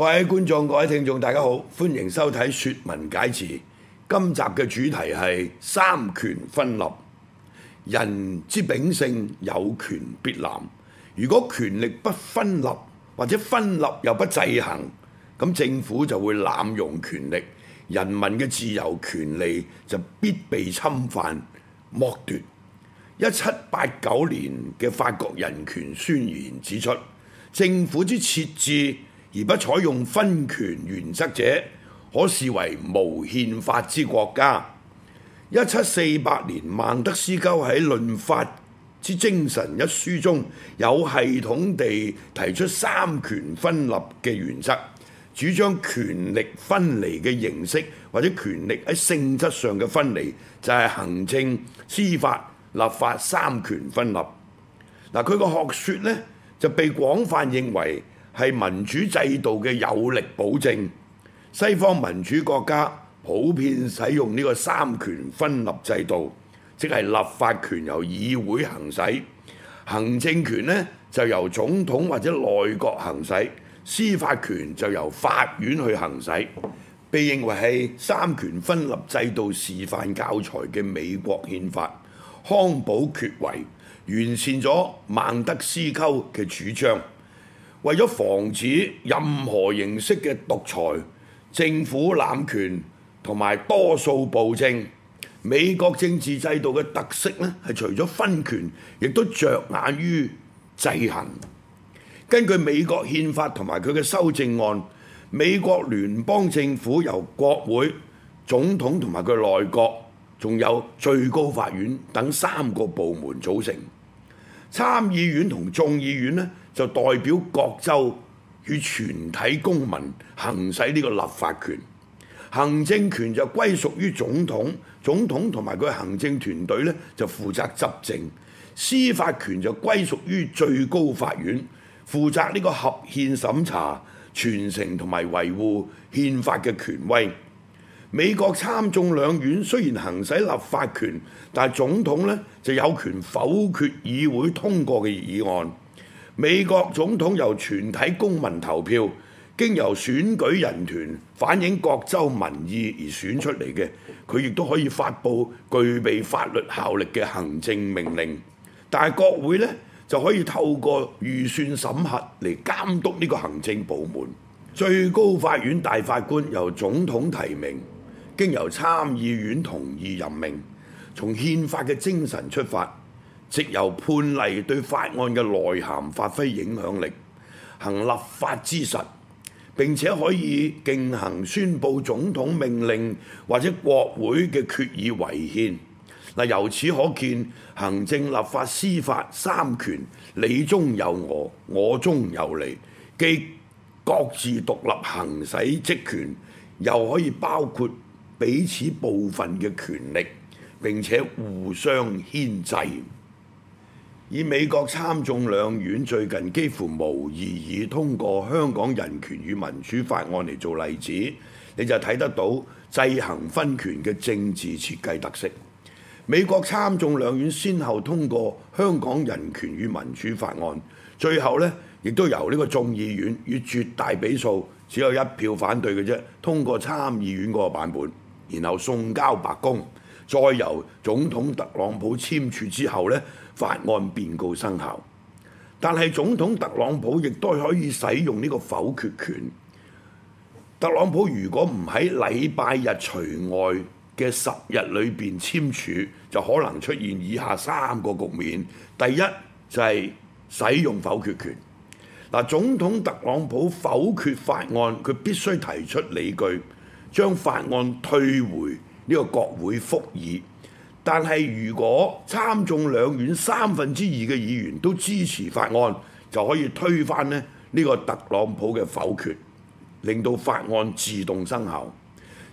各位觀眾、各位聽眾，大家好，歡迎收睇《說文解字》。今集嘅主題係三權分立，人之秉性有權必濫。如果權力不分立，或者分立又不制衡，咁政府就會濫用權力，人民嘅自由權利就必被侵犯、剝奪。一七八九年嘅法國《人權宣言》指出，政府之設置，而不採用分權原則者，可視為無憲法之國家。一七四八年，孟德斯鳩喺《論法之精神》一書中，有系統地提出三權分立嘅原則，主張權力分離嘅形式或者權力喺性質上嘅分離，就係行政、司法、立法三權分立。嗱，佢個學説呢，就被廣泛認為。係民主制度嘅有力保證。西方民主國家普遍使用呢個三權分立制度，即係立法權由議會行使，行政權呢就由總統或者內閣行使，司法權就由法院去行使。被認為係三權分立制度示範教材嘅美國憲法，康保缺位完善咗孟德斯鳩嘅主張。為咗防止任何形式嘅獨裁政府濫權同埋多數暴政，美國政治制度嘅特色呢，係除咗分權，亦都着眼於制衡。根據美國憲法同埋佢嘅修正案，美國聯邦政府由國會、總統同埋佢內閣，仲有最高法院等三個部門組成。參議院同眾議院呢。就代表各州與全體公民行使呢個立法權，行政權就歸屬於總統，總統同埋佢行政團隊呢就負責執政，司法權就歸屬於最高法院，負責呢個合憲審查、傳承同埋維護憲法嘅權威。美國參眾兩院雖然行使立法權，但係總統呢就有權否決議會通過嘅議案。美國總統由全體公民投票，經由選舉人團反映各州民意而選出嚟嘅，佢亦都可以發布具備法律效力嘅行政命令。但係國會呢，就可以透過預算審核嚟監督呢個行政部門。最高法院大法官由總統提名，經由參議院同意任命，從憲法嘅精神出發。藉由判例對法案嘅內涵發揮影響力，行立法之實，並且可以徑行宣佈總統命令或者國會嘅決議違憲。嗱，由此可見行政、立法、司法三權你中有我，我中有你，既各自獨立行使職權，又可以包括彼此部分嘅權力，並且互相牽制。以美國參眾兩院最近幾乎無異議通過香港人權與民主法案嚟做例子，你就睇得到制衡分權嘅政治設計特色。美國參眾兩院先後通過香港人權與民主法案，最後呢亦都由呢個眾議院以絕大比數，只有一票反對嘅啫，通過參議院嗰個版本，然後送交白宮，再由總統特朗普簽署之後呢，法案便告生效，但係總統特朗普亦都可以使用呢個否決權。特朗普如果唔喺禮拜日除外嘅十日裏邊簽署，就可能出現以下三個局面。第一就係使用否決權。嗱，總統特朗普否決法案，佢必須提出理據，將法案退回呢個國會複議。但係，如果參眾兩院三分之二嘅議員都支持法案，就可以推翻呢呢個特朗普嘅否決，令到法案自動生效。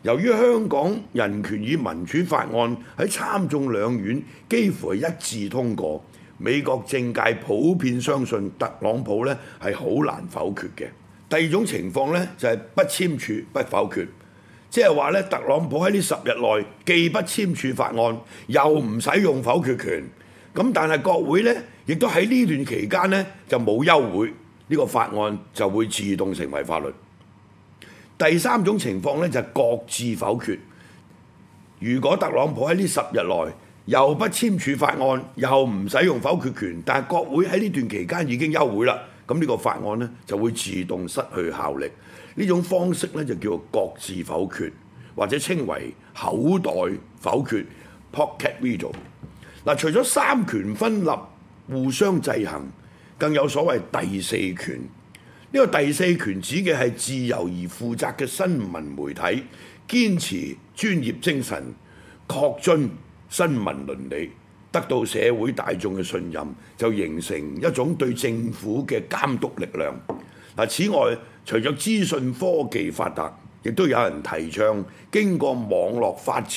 由於香港《人權與民主法案》喺參眾兩院幾乎係一致通過，美國政界普遍相信特朗普呢係好難否決嘅。第二種情況呢，就係不簽署不否決，即係話呢，特朗普喺呢十日內。既不簽署法案，又唔使用否決權，咁但係國會呢，亦都喺呢段期間呢，就冇休會，呢個法案就會自動成為法律。第三種情況呢，就係各自否決。如果特朗普喺呢十日內又不簽署法案，又唔使用否決權，但係國會喺呢段期間已經休會啦，咁呢個法案呢，就會自動失去效力。呢種方式呢，就叫做各自否決。或者稱為口袋否決 （pocket veto）。嗱、啊，除咗三權分立、互相制衡，更有所謂第四權。呢、這個第四權指嘅係自由而負責嘅新聞媒體，堅持專業精神，確遵新聞倫理，得到社會大眾嘅信任，就形成一種對政府嘅監督力量。嗱、啊，此外，除咗資訊科技發達，亦都有人提倡，經過網絡發展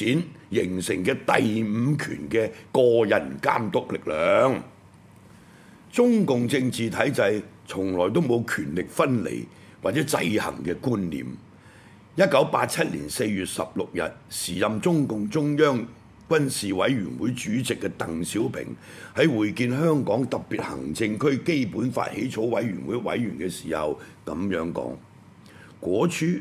形成嘅第五權嘅個人監督力量。中共政治體制從來都冇權力分離或者制衡嘅觀念。一九八七年四月十六日，時任中共中央軍事委員會主席嘅鄧小平喺會見香港特別行政區基本法起草委員會委員嘅時候，咁樣講：「嗰處。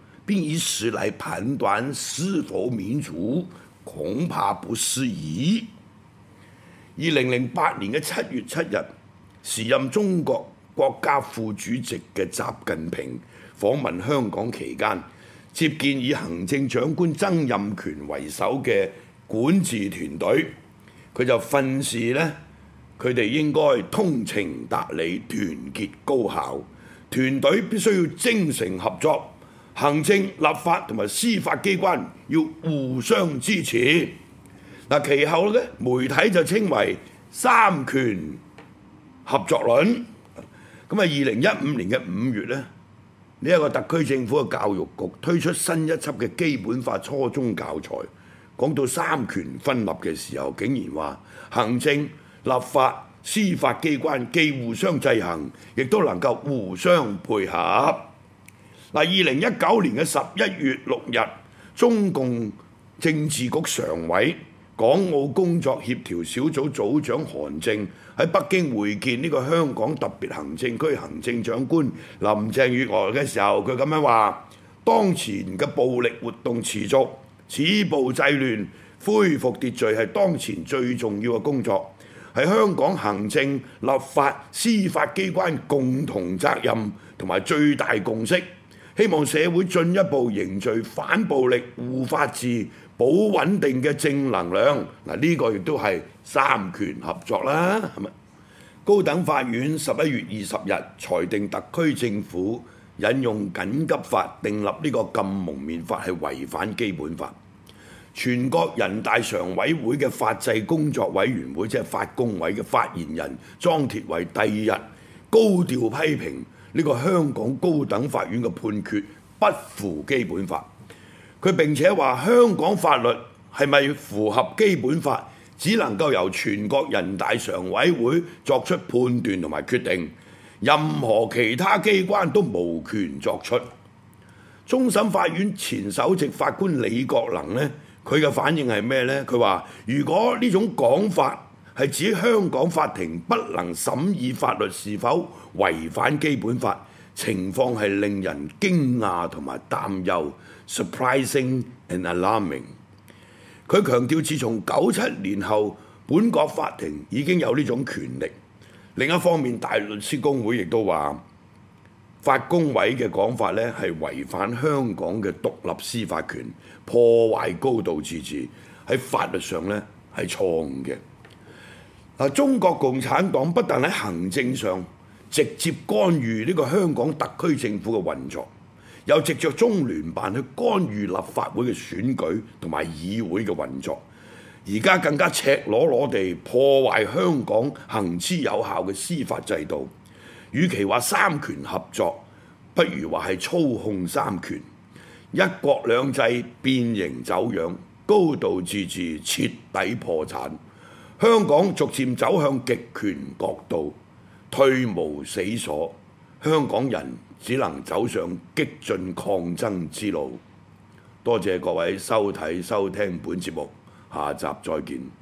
以此來判斷是否民主，恐怕不適宜。二零零八年嘅七月七日，時任中國國家副主席嘅習近平訪問香港期間，接見以行政長官曾蔭權為首嘅管治團隊，佢就訓示呢：佢哋應該通情達理、團結高效，團隊必須要精誠合作。行政、立法同埋司法機關要互相支持。嗱，其後咧，媒體就稱為三權合作論。咁啊，二零一五年嘅五月咧，呢一個特區政府嘅教育局推出新一輯嘅基本法初中教材，講到三權分立嘅時候，竟然話行政、立法、司法機關既互相制衡，亦都能夠互相配合。嗱，二零一九年嘅十一月六日，中共政治局常委、港澳工作協調小組組長韓正喺北京會見呢個香港特別行政區行政長官林鄭月娥嘅時候，佢咁樣話，當前嘅暴力活動持續，止暴制亂恢復秩序係當前最重要嘅工作，係香港行政、立法、司法機關共同責任同埋最大共識。希望社會進一步凝聚反暴力、護法治、保穩定嘅正能量。嗱，呢個亦都係三權合作啦。係咪？高等法院十一月二十日裁定特區政府引用緊急法訂立呢個禁蒙面法係違反基本法。全國人大常委會嘅法制工作委員會即係法工委嘅發言人莊鐵偉第二日高調批評。呢個香港高等法院嘅判決不符基本法，佢並且話香港法律係咪符合基本法，只能夠由全國人大常委會作出判斷同埋決定，任何其他機關都無權作出。終審法院前首席法官李國能呢，佢嘅反應係咩呢？佢話：如果呢種講法係指香港法庭不能審議法律是否違反基本法，情況係令人驚訝同埋擔憂，surprising and alarming。佢強調，自從九七年後，本國法庭已經有呢種權力。另一方面，大律師公會亦都話，法工委嘅講法呢係違反香港嘅獨立司法權，破壞高度自治，喺法律上呢係錯誤嘅。中國共產黨不但喺行政上直接干預呢個香港特區政府嘅運作，又藉着中聯辦去干預立法會嘅選舉同埋議會嘅運作，而家更加赤裸裸地破壞香港行之有效嘅司法制度。與其話三權合作，不如話係操控三權，一國兩制變形走樣，高度自治徹底破產。香港逐漸走向極權國度，退無死所，香港人只能走上激進抗爭之路。多謝各位收睇收聽本節目，下集再見。